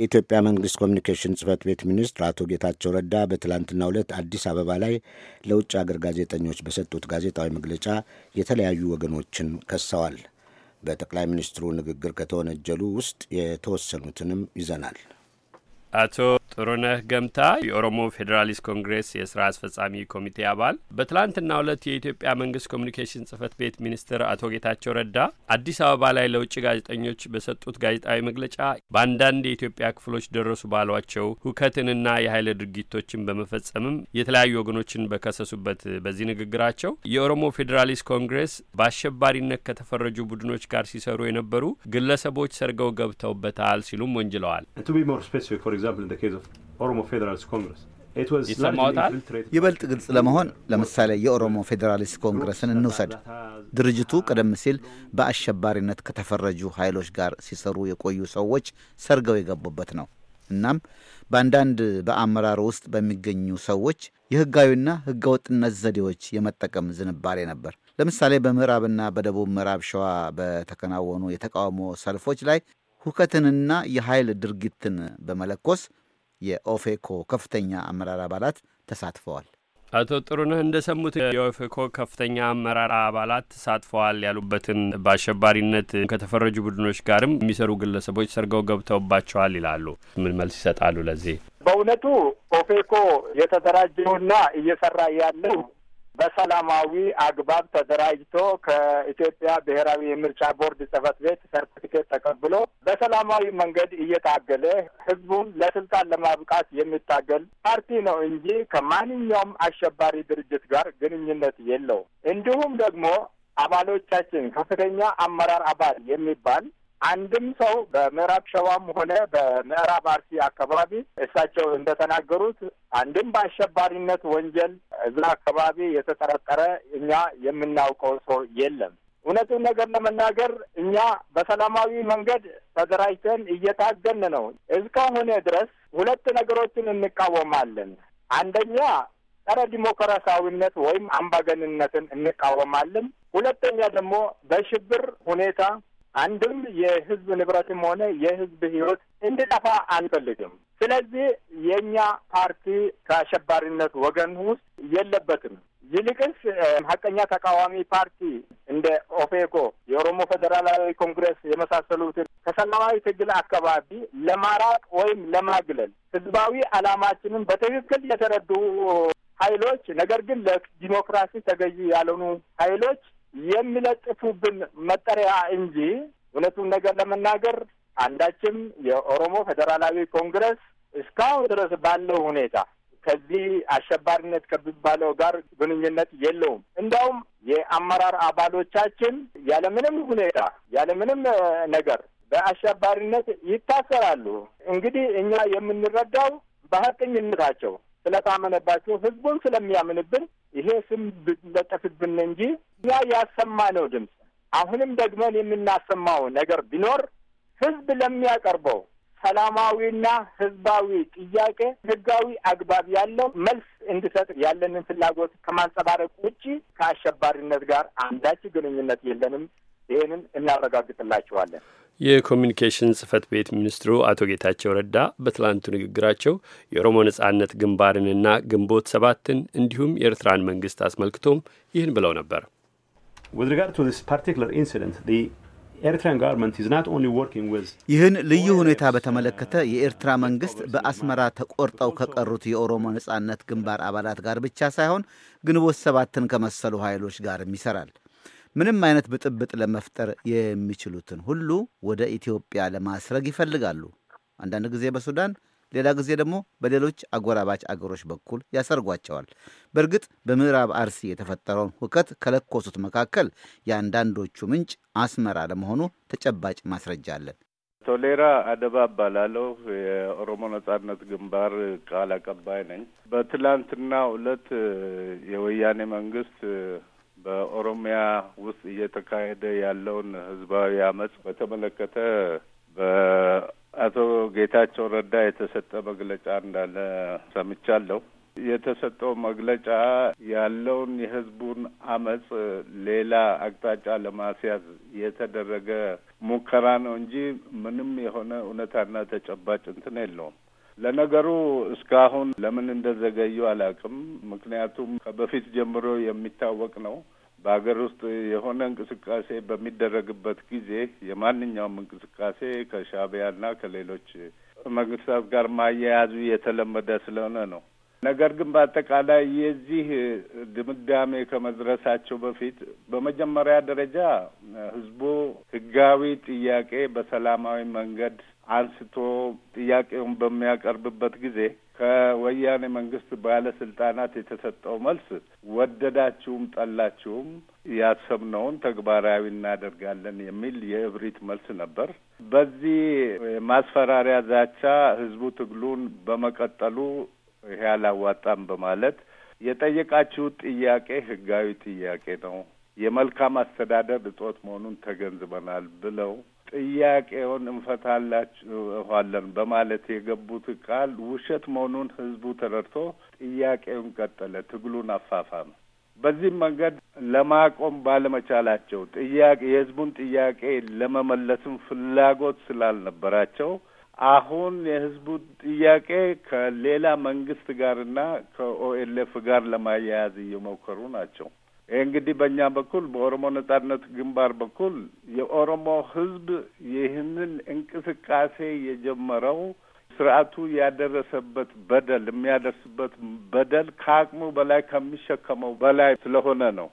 የኢትዮጵያ መንግስት ኮሚኒኬሽን ጽህፈት ቤት ሚኒስትር አቶ ጌታቸው ረዳ በትላንትናው ዕለት አዲስ አበባ ላይ ለውጭ አገር ጋዜጠኞች በሰጡት ጋዜጣዊ መግለጫ የተለያዩ ወገኖችን ከሰዋል። በጠቅላይ ሚኒስትሩ ንግግር ከተወነጀሉ ውስጥ የተወሰኑትንም ይዘናል። አቶ ጥሩነህ ገምታ የኦሮሞ ፌዴራሊስት ኮንግሬስ የስራ አስፈጻሚ ኮሚቴ አባል፣ በትላንትናው ዕለት የኢትዮጵያ መንግስት ኮሚኒኬሽን ጽህፈት ቤት ሚኒስትር አቶ ጌታቸው ረዳ አዲስ አበባ ላይ ለውጭ ጋዜጠኞች በሰጡት ጋዜጣዊ መግለጫ በአንዳንድ የኢትዮጵያ ክፍሎች ደረሱ ባሏቸው ሁከትንና የኃይል ድርጊቶችን በመፈጸምም የተለያዩ ወገኖችን በከሰሱበት በዚህ ንግግራቸው የኦሮሞ ፌዴራሊስት ኮንግሬስ በአሸባሪነት ከተፈረጁ ቡድኖች ጋር ሲሰሩ የነበሩ ግለሰቦች ሰርገው ገብተውበታል ሲሉም ወንጅለዋል። ኦሮሞ ፌዴራልስ ኮንግረስ ይበልጥ ግልጽ ለመሆን ለምሳሌ የኦሮሞ ፌዴራሊስት ኮንግረስን እንውሰድ። ድርጅቱ ቀደም ሲል በአሸባሪነት ከተፈረጁ ኃይሎች ጋር ሲሰሩ የቆዩ ሰዎች ሰርገው የገቡበት ነው። እናም በአንዳንድ በአመራር ውስጥ በሚገኙ ሰዎች የህጋዊና ህገወጥነት ዘዴዎች የመጠቀም ዝንባሌ ነበር። ለምሳሌ በምዕራብና በደቡብ ምዕራብ ሸዋ በተከናወኑ የተቃውሞ ሰልፎች ላይ ሁከትንና የኃይል ድርጊትን በመለኮስ የኦፌኮ ከፍተኛ አመራር አባላት ተሳትፈዋል። አቶ ጥሩነህ እንደሰሙት የኦፌኮ ከፍተኛ አመራር አባላት ተሳትፈዋል ያሉበትን በአሸባሪነት ከተፈረጁ ቡድኖች ጋርም የሚሰሩ ግለሰቦች ሰርገው ገብተውባቸዋል ይላሉ። ምን መልስ ይሰጣሉ? ለዚህ በእውነቱ ኦፌኮ የተደራጀውና እየሰራ ያለው በሰላማዊ አግባብ ተደራጅቶ ከኢትዮጵያ ብሔራዊ የምርጫ ቦርድ ጽህፈት ቤት ሰርቲፊኬት ተቀብሎ በሰላማዊ መንገድ እየታገለ ህዝቡን ለስልጣን ለማብቃት የሚታገል ፓርቲ ነው እንጂ ከማንኛውም አሸባሪ ድርጅት ጋር ግንኙነት የለው እንዲሁም ደግሞ አባሎቻችን ከፍተኛ አመራር አባል የሚባል አንድም ሰው በምዕራብ ሸዋም ሆነ በምዕራብ አርሲ አካባቢ እሳቸው እንደተናገሩት አንድም በአሸባሪነት ወንጀል እዛ አካባቢ የተጠረጠረ እኛ የምናውቀው ሰው የለም። እውነቱን ነገር ለመናገር እኛ በሰላማዊ መንገድ ተደራጅተን እየታገን ነው። እስከሆነ ድረስ ሁለት ነገሮችን እንቃወማለን። አንደኛ ጸረ ዲሞክራሲያዊነት ወይም አምባገንነትን እንቃወማለን። ሁለተኛ ደግሞ በሽብር ሁኔታ አንድም የህዝብ ንብረትም ሆነ የህዝብ ህይወት እንድጠፋ አንፈልግም። ስለዚህ የእኛ ፓርቲ ከአሸባሪነት ወገን ውስጥ የለበትም። ይልቅስ ሀቀኛ ተቃዋሚ ፓርቲ እንደ ኦፌኮ፣ የኦሮሞ ፌዴራላዊ ኮንግረስ የመሳሰሉትን ከሰላማዊ ትግል አካባቢ ለማራቅ ወይም ለማግለል ህዝባዊ አላማችንን በትክክል የተረዱ ኃይሎች ነገር ግን ለዲሞክራሲ ተገዢ ያልሆኑ ኃይሎች የሚለጥፉብን መጠሪያ እንጂ እውነቱን ነገር ለመናገር አንዳችም የኦሮሞ ፌዴራላዊ ኮንግረስ እስካሁን ድረስ ባለው ሁኔታ ከዚህ አሸባሪነት ከሚባለው ጋር ግንኙነት የለውም። እንዳውም የአመራር አባሎቻችን ያለምንም ሁኔታ ያለምንም ነገር በአሸባሪነት ይታሰራሉ። እንግዲህ እኛ የምንረዳው በሀቀኝነታቸው ስለታመነባቸው ህዝቡን ስለሚያምንብን ይሄ ስም ለጠፍብን እንጂ እኛ ያሰማነው ድምፅ አሁንም ደግመን የምናሰማው ነገር ቢኖር ህዝብ ለሚያቀርበው ሰላማዊና ህዝባዊ ጥያቄ ህጋዊ አግባብ ያለው መልስ እንዲሰጥ ያለንን ፍላጎት ከማንጸባረቅ ውጪ ከአሸባሪነት ጋር አንዳች ግንኙነት የለንም። ይህንን እናረጋግጥላችኋለን። የኮሚኒኬሽን ጽህፈት ቤት ሚኒስትሩ አቶ ጌታቸው ረዳ በትላንቱ ንግግራቸው የኦሮሞ ነጻነት ግንባርንና ግንቦት ሰባትን እንዲሁም የኤርትራን መንግስት አስመልክቶም ይህን ብለው ነበር። ይህን ልዩ ሁኔታ በተመለከተ የኤርትራ መንግስት በአስመራ ተቆርጠው ከቀሩት የኦሮሞ ነጻነት ግንባር አባላት ጋር ብቻ ሳይሆን ግንቦት ሰባትን ከመሰሉ ኃይሎች ጋርም ይሰራል። ምንም አይነት ብጥብጥ ለመፍጠር የሚችሉትን ሁሉ ወደ ኢትዮጵያ ለማስረግ ይፈልጋሉ። አንዳንድ ጊዜ በሱዳን ሌላ ጊዜ ደግሞ በሌሎች አጎራባች አገሮች በኩል ያሰርጓቸዋል። በእርግጥ በምዕራብ አርሲ የተፈጠረውን ሁከት ከለኮሱት መካከል የአንዳንዶቹ ምንጭ አስመራ ለመሆኑ ተጨባጭ ማስረጃ አለን። ቶሌራ አደባ እባላለሁ። የኦሮሞ ነጻነት ግንባር ቃል አቀባይ ነኝ። በትላንትና ዕለት የወያኔ መንግስት በኦሮሚያ ውስጥ እየተካሄደ ያለውን ህዝባዊ አመፅ በተመለከተ በአቶ ጌታቸው ረዳ የተሰጠ መግለጫ እንዳለ ሰምቻለሁ። የተሰጠው መግለጫ ያለውን የህዝቡን አመፅ ሌላ አቅጣጫ ለማስያዝ የተደረገ ሙከራ ነው እንጂ ምንም የሆነ እውነታና ተጨባጭ እንትን የለውም። ለነገሩ እስካሁን ለምን እንደዘገዩ አላውቅም። ምክንያቱም ከበፊት ጀምሮ የሚታወቅ ነው። በሀገር ውስጥ የሆነ እንቅስቃሴ በሚደረግበት ጊዜ የማንኛውም እንቅስቃሴ ከሻዕቢያና ከሌሎች መንግስታት ጋር ማያያዙ የተለመደ ስለሆነ ነው። ነገር ግን በአጠቃላይ የዚህ ድምዳሜ ከመድረሳቸው በፊት በመጀመሪያ ደረጃ ህዝቡ ህጋዊ ጥያቄ በሰላማዊ መንገድ አንስቶ ጥያቄውን በሚያቀርብበት ጊዜ ከወያኔ መንግስት ባለስልጣናት የተሰጠው መልስ ወደዳችሁም ጠላችሁም ያሰብነውን ተግባራዊ እናደርጋለን የሚል የእብሪት መልስ ነበር። በዚህ ማስፈራሪያ ዛቻ ህዝቡ ትግሉን በመቀጠሉ ይሄ አላዋጣም በማለት የጠየቃችሁት ጥያቄ ህጋዊ ጥያቄ ነው የመልካም አስተዳደር እጦት መሆኑን ተገንዝበናል ብለው ጥያቄውን እንፈታላችኋለን በማለት የገቡት ቃል ውሸት መሆኑን ህዝቡ ተረድቶ ጥያቄውን ቀጠለ፣ ትግሉን አፋፋመ። በዚህም መንገድ ለማቆም ባለመቻላቸው ጥያቄ የህዝቡን ጥያቄ ለመመለስም ፍላጎት ስላልነበራቸው አሁን የህዝቡ ጥያቄ ከሌላ መንግስት ጋርና ከኦኤልኤፍ ጋር ለማያያዝ እየሞከሩ ናቸው። ይህ እንግዲህ በእኛ በኩል በኦሮሞ ነጻነት ግንባር በኩል የኦሮሞ ህዝብ ይህንን እንቅስቃሴ የጀመረው ስርዓቱ ያደረሰበት በደል የሚያደርስበት በደል ከአቅሙ በላይ ከሚሸከመው በላይ ስለሆነ ነው።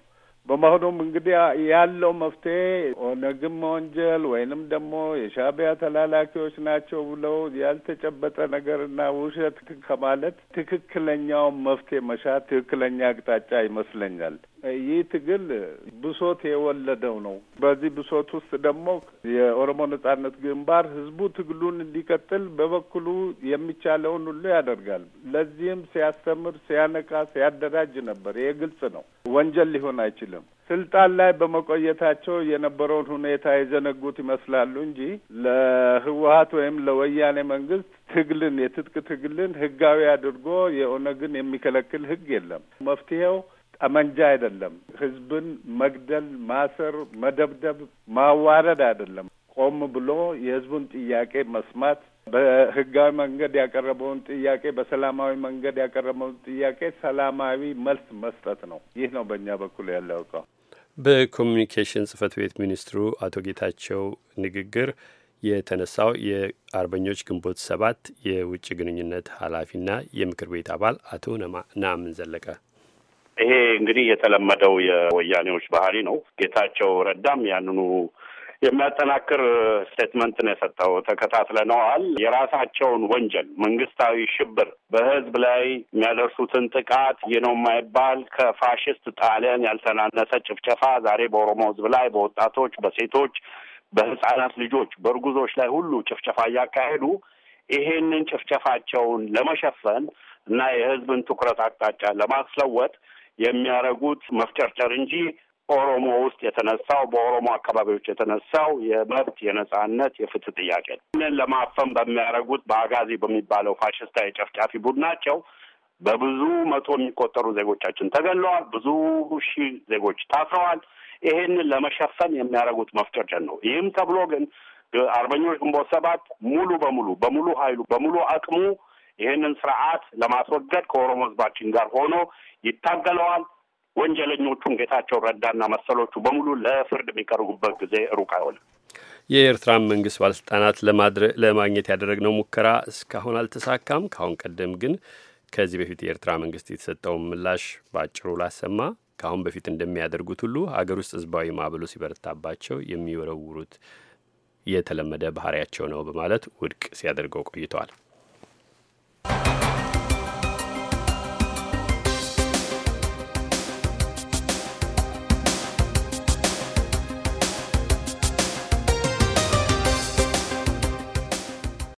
በመሆኑም እንግዲህ ያለው መፍትሄ ኦነግም ወንጀል ወይንም ደግሞ የሻቢያ ተላላኪዎች ናቸው ብለው ያልተጨበጠ ነገርና ውሸት ከማለት ትክክለኛውን መፍትሄ መሻት ትክክለኛ አቅጣጫ ይመስለኛል። ይህ ትግል ብሶት የወለደው ነው። በዚህ ብሶት ውስጥ ደግሞ የኦሮሞ ነጻነት ግንባር ህዝቡ ትግሉን እንዲቀጥል በበኩሉ የሚቻለውን ሁሉ ያደርጋል። ለዚህም ሲያስተምር፣ ሲያነቃ፣ ሲያደራጅ ነበር። ይሄ ግልጽ ነው። ወንጀል ሊሆን አይችልም። ስልጣን ላይ በመቆየታቸው የነበረውን ሁኔታ የዘነጉት ይመስላሉ እንጂ ለህወሀት ወይም ለወያኔ መንግስት ትግልን የትጥቅ ትግልን ህጋዊ አድርጎ የኦነግን የሚከለክል ህግ የለም። መፍትሄው ጠመንጃ አይደለም። ህዝብን መግደል፣ ማሰር፣ መደብደብ፣ ማዋረድ አይደለም። ቆም ብሎ የህዝቡን ጥያቄ መስማት በህጋዊ መንገድ ያቀረበውን ጥያቄ በሰላማዊ መንገድ ያቀረበውን ጥያቄ ሰላማዊ መልስ መስጠት ነው። ይህ ነው በእኛ በኩል ያለው እቃው። በኮሚኒኬሽን ጽህፈት ቤት ሚኒስትሩ አቶ ጌታቸው ንግግር የተነሳው የአርበኞች ግንቦት ሰባት የውጭ ግንኙነት ኃላፊና የምክር ቤት አባል አቶ ናምን ዘለቀ ይሄ እንግዲህ የተለመደው የወያኔዎች ባህሪ ነው። ጌታቸው ረዳም ያንኑ የሚያጠናክር ስቴትመንት ነው የሰጠው። ተከታትለነዋል። የራሳቸውን ወንጀል መንግስታዊ ሽብር፣ በህዝብ ላይ የሚያደርሱትን ጥቃት ይህ ነው የማይባል ከፋሽስት ጣሊያን ያልተናነሰ ጭፍጨፋ ዛሬ በኦሮሞ ህዝብ ላይ፣ በወጣቶች፣ በሴቶች፣ በህጻናት ልጆች፣ በእርጉዞች ላይ ሁሉ ጭፍጨፋ እያካሄዱ ይሄንን ጭፍጨፋቸውን ለመሸፈን እና የህዝብን ትኩረት አቅጣጫ ለማስለወጥ የሚያደርጉት መፍጨርጨር እንጂ ኦሮሞ ውስጥ የተነሳው በኦሮሞ አካባቢዎች የተነሳው የመብት የነጻነት የፍትህ ጥያቄ ነው። ይህንን ለማፈን በሚያደርጉት በአጋዚ በሚባለው ፋሽስታዊ ጨፍጫፊ ቡድናቸው በብዙ መቶ የሚቆጠሩ ዜጎቻችን ተገለዋል። ብዙ ሺህ ዜጎች ታስረዋል። ይሄንን ለመሸፈን የሚያደርጉት መፍጨርጨር ነው። ይህም ተብሎ ግን አርበኞች ግንቦት ሰባት ሙሉ በሙሉ በሙሉ ኃይሉ በሙሉ አቅሙ ይህንን ስርዓት ለማስወገድ ከኦሮሞ ህዝባችን ጋር ሆኖ ይታገለዋል። ወንጀለኞቹን ጌታቸው ረዳና መሰሎቹ በሙሉ ለፍርድ የሚቀርቡበት ጊዜ ሩቅ አይሆንም። የኤርትራን መንግስት ባለስልጣናት ለማግኘት ያደረግነው ሙከራ እስካሁን አልተሳካም። ከአሁን ቀደም ግን ከዚህ በፊት የኤርትራ መንግስት የተሰጠውን ምላሽ በአጭሩ ላሰማ። ከአሁን በፊት እንደሚያደርጉት ሁሉ ሀገር ውስጥ ህዝባዊ ማዕበሉ ሲበረታባቸው የሚወረውሩት የተለመደ ባህሪያቸው ነው በማለት ውድቅ ሲያደርገው ቆይተዋል።